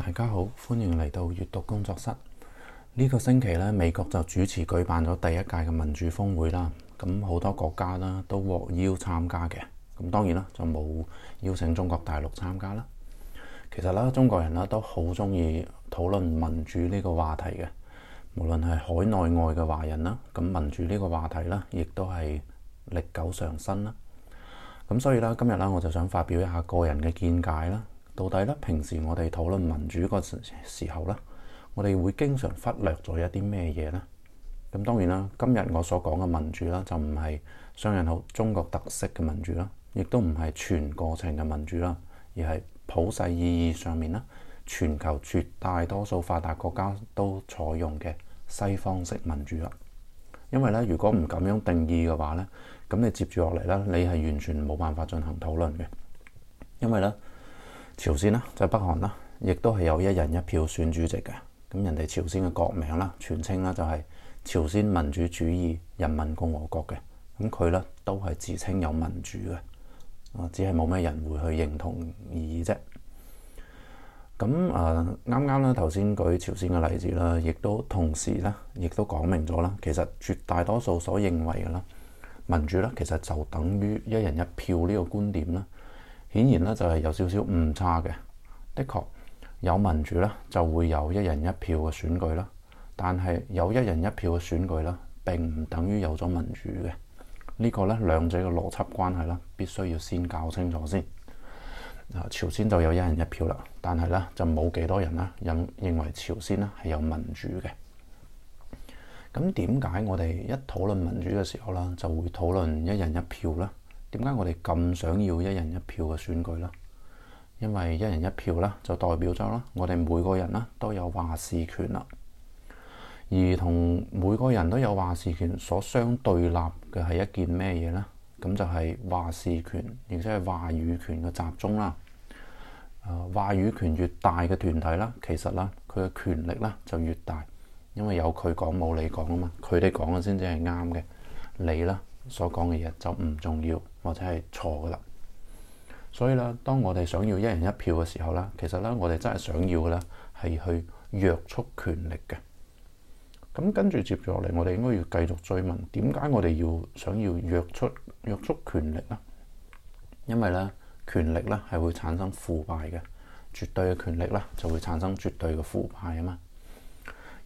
大家好，歡迎嚟到閱讀工作室。呢個星期咧，美國就主持舉辦咗第一屆嘅民主峰會啦。咁好多國家啦都獲邀參加嘅。咁當然啦，就冇邀請中國大陸參加啦。其實啦，中國人啦都好中意討論民主呢個話題嘅。無論係海內外嘅華人啦，咁民主呢個話題啦，亦都係歷久常新啦。咁所以啦，今日啦，我就想發表一下個人嘅見解啦。到底咧，平時我哋討論民主個時候咧，我哋會經常忽略咗一啲咩嘢呢？咁當然啦，今日我所講嘅民主啦，就唔係雙人好中國特色嘅民主啦，亦都唔係全過程嘅民主啦，而係普世意義上面啦，全球絕大多數發達國家都採用嘅西方式民主啦。因為咧，如果唔咁樣定義嘅話咧，咁你接住落嚟啦，你係完全冇辦法進行討論嘅，因為咧。朝鮮啦，就係北韓啦，亦都係有一人一票選主席嘅。咁人哋朝鮮嘅國名啦、全稱啦，就係朝鮮民主主義人民共和國嘅。咁佢咧都係自稱有民主嘅，只係冇咩人會去認同而已啫。咁誒啱啱啦，頭先舉朝鮮嘅例子啦，亦都同時咧，亦都講明咗啦。其實絕大多數所認為嘅啦，民主咧，其實就等於一人一票呢個觀點啦。顯然咧就係有少少誤差嘅，的確有民主咧就會有一人一票嘅選舉啦，但係有一人一票嘅選舉啦並唔等於有咗民主嘅，呢個咧兩者嘅邏輯關係啦必須要先搞清楚先。啊，朝鮮就有一人一票啦，但係咧就冇幾多人啦認認為朝鮮啦係有民主嘅。咁點解我哋一討論民主嘅時候啦就會討論一人一票咧？點解我哋咁想要一人一票嘅選舉咧？因為一人一票啦，就代表咗啦，我哋每個人啦都有話事權啦。而同每個人都有話事權所相對立嘅係一件咩嘢呢？咁就係話事權，亦即係話語權嘅集中啦。誒、呃，話語權越大嘅團體啦，其實啦，佢嘅權力啦就越大，因為有佢講冇你講啊嘛，佢哋講嘅先至係啱嘅，你啦所講嘅嘢就唔重要。或者係錯噶啦，所以咧，當我哋想要一人一票嘅時候咧，其實咧我哋真係想要嘅咧係去約束權力嘅。咁跟住接住落嚟，我哋應該要繼續追問，點解我哋要想要約束約束權力咧？因為咧，權力咧係會產生腐敗嘅，絕對嘅權力咧就會產生絕對嘅腐敗啊嘛。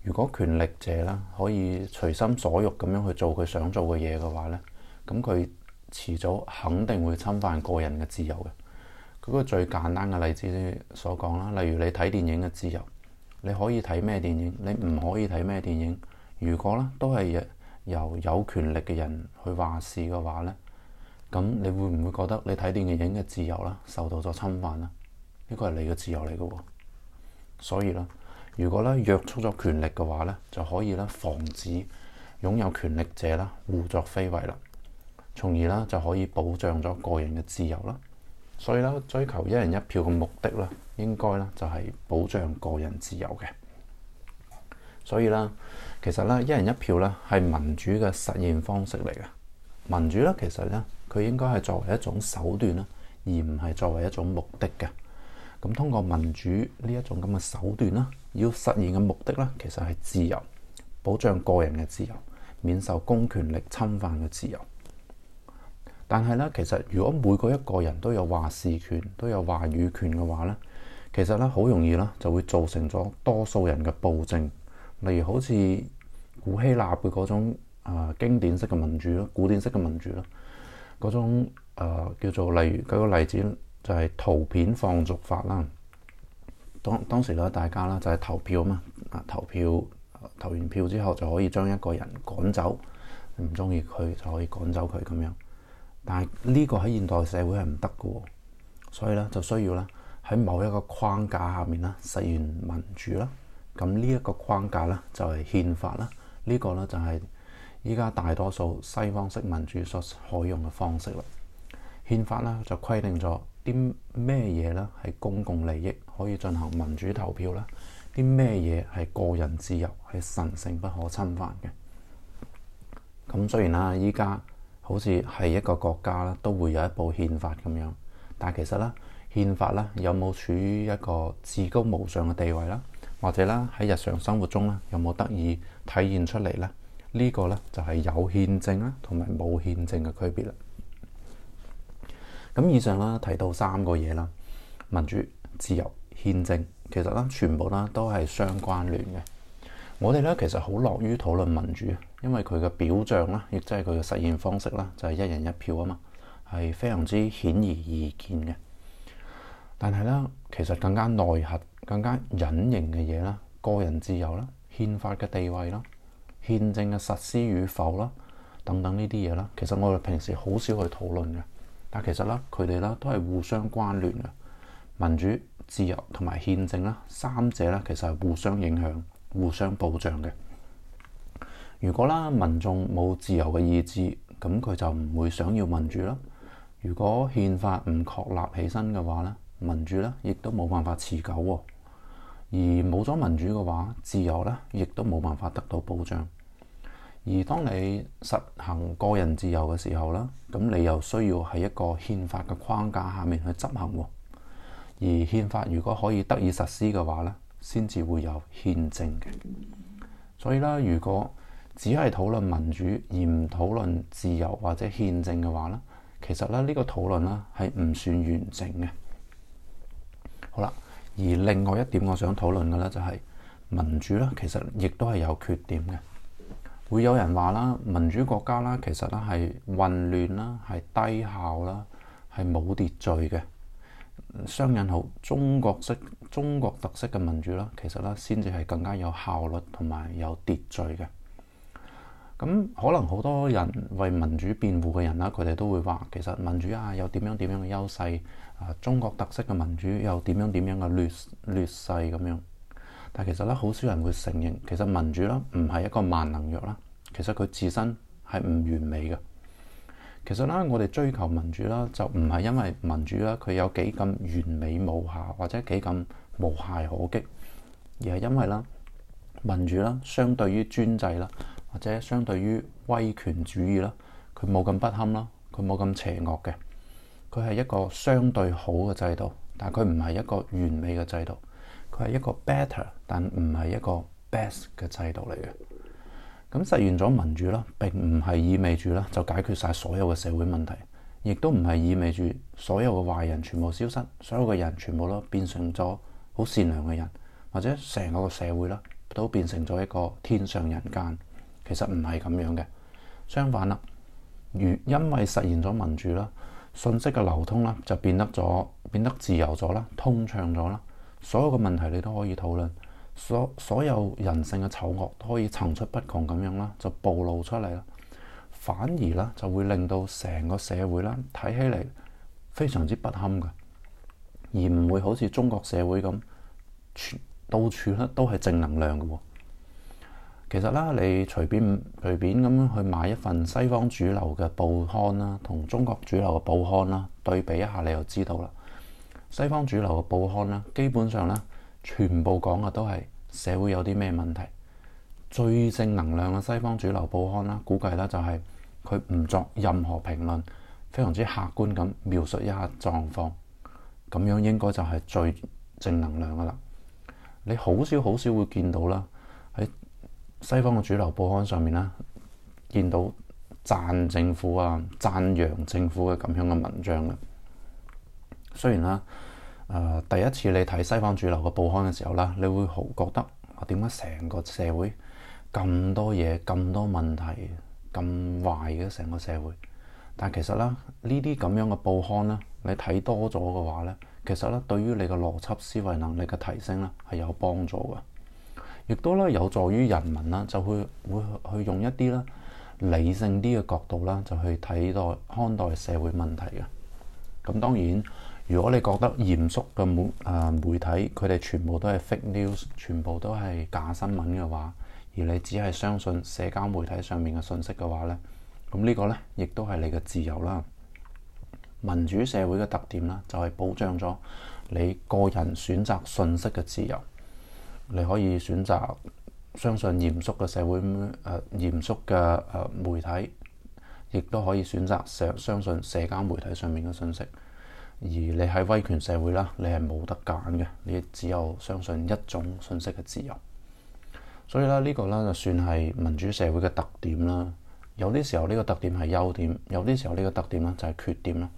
如果權力者啦可以隨心所欲咁樣去做佢想做嘅嘢嘅話咧，咁佢。遲早肯定會侵犯個人嘅自由嘅。舉個最簡單嘅例子所講啦，例如你睇電影嘅自由，你可以睇咩電影，你唔可以睇咩電影。如果咧都係由有權力嘅人去話事嘅話呢，咁你會唔會覺得你睇電影嘅自由啦受到咗侵犯啦？呢個係你嘅自由嚟嘅喎。所以咧，如果咧約束咗權力嘅話呢，就可以咧防止擁有權力者啦胡作非為啦。從而咧就可以保障咗個人嘅自由啦。所以咧，追求一人一票嘅目的咧，應該咧就係保障個人自由嘅。所以咧，其實咧，一人一票咧係民主嘅實現方式嚟嘅。民主咧，其實咧佢應該係作為一種手段啦，而唔係作為一種目的嘅。咁通過民主呢一種咁嘅手段啦，要實現嘅目的咧，其實係自由，保障個人嘅自由，免受公權力侵犯嘅自由。但係咧，其實如果每個一個人都有話事權、都有話語權嘅話咧，其實咧好容易啦，就會造成咗多數人嘅暴政。例如好似古希臘嘅嗰種啊、呃，經典式嘅民主咯，古典式嘅民主咯，嗰種、呃、叫做例如舉個例子就係圖片放逐法啦。當當時咧大家啦就係投票啊嘛，啊投票投完票之後就可以將一個人趕走，唔中意佢就可以趕走佢咁樣。但係呢個喺現代社會係唔得嘅，所以咧就需要咧喺某一個框架下面咧實現民主啦。咁呢一個框架咧就係憲法啦。呢、這個咧就係依家大多數西方式民主所採用嘅方式啦。憲法咧就規定咗啲咩嘢咧係公共利益可以進行民主投票啦，啲咩嘢係個人自由係神聖不可侵犯嘅。咁雖然啦，依家好似係一個國家啦，都會有一部憲法咁樣，但係其實啦，憲法啦有冇處於一個至高無上嘅地位啦，或者啦喺日常生活中啦有冇得以體現出嚟咧？這個、呢個咧就係、是、有憲政啦，同埋冇憲政嘅區別啦。咁以上啦提到三個嘢啦，民主、自由、憲政，其實啦全部啦都係相關聯嘅。我哋咧，其實好樂於討論民主，因為佢嘅表象啦，亦即係佢嘅實現方式啦，就係一人一票啊嘛，係非常之顯而易見嘅。但係咧，其實更加內核、更加隱形嘅嘢啦，個人自由啦、憲法嘅地位啦、憲政嘅實施與否啦，等等呢啲嘢啦，其實我哋平時好少去討論嘅。但其實咧，佢哋咧都係互相關聯嘅民主、自由同埋憲政啦，三者咧其實係互相影響，互相保障嘅。如果啦，民眾冇自由嘅意志，咁佢就唔會想要民主啦。如果憲法唔確立起身嘅話咧，民主咧亦都冇辦法持久喎。而冇咗民主嘅話，自由咧亦都冇辦法得到保障。而當你實行個人自由嘅時候啦，咁你又需要喺一個憲法嘅框架下面去執行。而憲法如果可以得以實施嘅話咧，先至會有憲政嘅，所以啦，如果只係討論民主而唔討論自由或者憲政嘅話啦，其實啦，呢個討論啦係唔算完整嘅。好啦，而另外一點我想討論嘅咧就係、是、民主啦，其實亦都係有缺點嘅。會有人話啦，民主國家啦，其實啦係混亂啦，係低效啦，係冇秩序嘅。雙引號中國式中國特色嘅民主啦，其實啦，先至係更加有效率同埋有秩序嘅。咁可能好多人為民主辯護嘅人啦，佢哋都會話其實民主啊有點樣點樣嘅優勢，啊中國特色嘅民主有點樣點樣嘅劣劣勢咁樣。但其實咧，好少人會承認其實民主啦唔係一個萬能藥啦，其實佢自身係唔完美嘅。其實啦，我哋追求民主啦，就唔係因為民主啦，佢有幾咁完美無瑕，或者幾咁無懈可擊，而係因為啦，民主啦，相對於專制啦，或者相對於威權主義啦，佢冇咁不堪啦，佢冇咁邪惡嘅，佢係一個相對好嘅制度，但係佢唔係一個完美嘅制度，佢係一個 better，但唔係一個 best 嘅制度嚟嘅。咁實現咗民主啦，並唔係意味住啦就解決晒所有嘅社會問題，亦都唔係意味住所有嘅壞人全部消失，所有嘅人全部都變成咗好善良嘅人，或者成個社會啦都變成咗一個天上人間，其實唔係咁樣嘅。相反啦，如因為實現咗民主啦，信息嘅流通啦就變得咗變得自由咗啦，通暢咗啦，所有嘅問題你都可以討論。所所有人性嘅醜惡都可以層出不窮咁樣啦，就暴露出嚟啦，反而啦就會令到成個社會啦睇起嚟非常之不堪嘅，而唔會好似中國社會咁，到處咧都係正能量嘅。其實啦，你隨便隨便咁樣去買一份西方主流嘅報刊啦，同中國主流嘅報刊啦對比一下，你就知道啦。西方主流嘅報刊啦，基本上咧。全部講嘅都係社會有啲咩問題，最正能量嘅西方主流報刊啦，估計啦就係佢唔作任何評論，非常之客觀咁描述一下狀況，咁樣應該就係最正能量㗎啦。你好少好少會見到啦喺西方嘅主流報刊上面啦，見到讚政府啊、讚揚政府嘅咁樣嘅文章嘅，雖然啦。誒、呃、第一次你睇西方主流嘅報刊嘅時候啦，你會好覺得啊點解成個社會咁多嘢、咁多問題、咁壞嘅成個社會？但其實啦，呢啲咁樣嘅報刊咧，你睇多咗嘅話咧，其實咧對於你嘅邏輯思維能力嘅提升咧係有幫助嘅，亦都咧有助於人民啦，就會會去用一啲咧理性啲嘅角度啦，就去睇待看待社會問題嘅。咁、嗯、當然。如果你覺得嚴肅嘅媒啊媒體，佢哋全部都係 fake news，全部都係假新聞嘅話，而你只係相信社交媒體上面嘅信息嘅話咧，咁呢個咧亦都係你嘅自由啦。民主社會嘅特點咧，就係保障咗你個人選擇信息嘅自由。你可以選擇相信嚴肅嘅社會，誒嚴肅嘅誒媒體，亦都可以選擇社相信社交媒體上面嘅信息。而你喺威權社會啦，你係冇得揀嘅，你只有相信一種信息嘅自由。所以咧，呢個咧就算係民主社會嘅特點啦。有啲時候呢個特點係優點，有啲時候呢個特點咧就係缺點啦。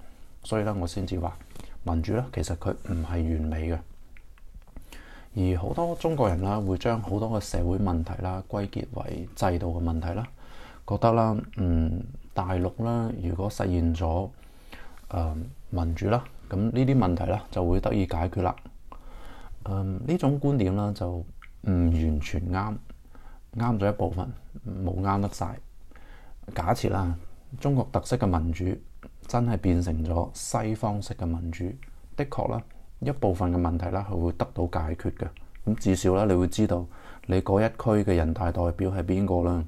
所以咧，我先至話民主咧，其實佢唔係完美嘅。而好多中國人啦，會將好多嘅社會問題啦歸結為制度嘅問題啦，覺得啦，嗯，大陸啦，如果實現咗、呃、民主啦。咁呢啲問題咧就會得以解決啦。嗯，呢種觀點咧就唔完全啱，啱咗一部分，冇啱得晒。假設啦，中國特色嘅民主真係變成咗西方式嘅民主，的確啦，一部分嘅問題啦，係會得到解決嘅。咁至少咧，你會知道你嗰一區嘅人大代表係邊個啦。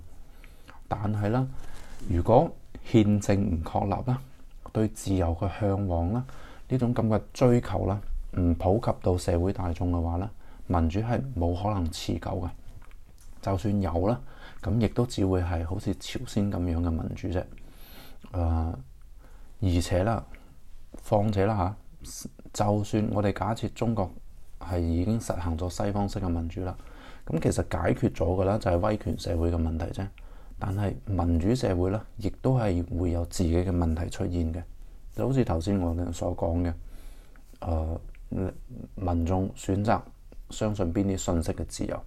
但係咧，如果憲政唔確立啦，對自由嘅向往啦，呢種咁嘅追求啦，唔普及到社會大眾嘅話咧，民主係冇可能持久嘅。就算有啦，咁亦都只會係好似朝鮮咁樣嘅民主啫。誒、呃，而且啦，況且啦嚇、啊，就算我哋假設中國係已經實行咗西方式嘅民主啦，咁其實解決咗嘅啦就係威權社會嘅問題啫。但係民主社會咧，亦都係會有自己嘅問題出現嘅。就好似頭先我哋所講嘅，誒、呃、民眾選擇相信邊啲信息嘅自由，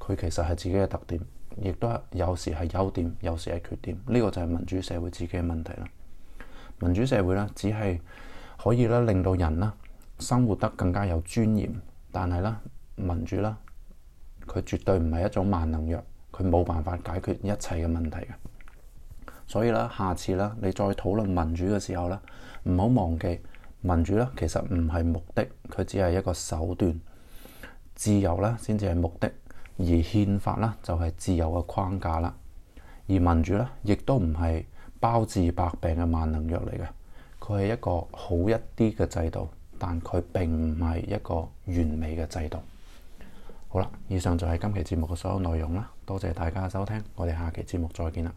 佢其實係自己嘅特點，亦都有時係優點，有時係缺點。呢、這個就係民主社會自己嘅問題啦。民主社會咧，只係可以咧令到人啦生活得更加有尊嚴，但係咧民主咧，佢絕對唔係一種萬能藥，佢冇辦法解決一切嘅問題嘅。所以咧，下次啦，你再討論民主嘅時候咧，唔好忘記民主咧，其實唔係目的，佢只係一個手段。自由咧，先至係目的，而憲法咧就係自由嘅框架啦。而民主咧，亦都唔係包治百病嘅萬能藥嚟嘅，佢係一個好一啲嘅制度，但佢並唔係一個完美嘅制度。好啦，以上就係今期節目嘅所有內容啦。多謝大家收聽，我哋下期節目再見啦。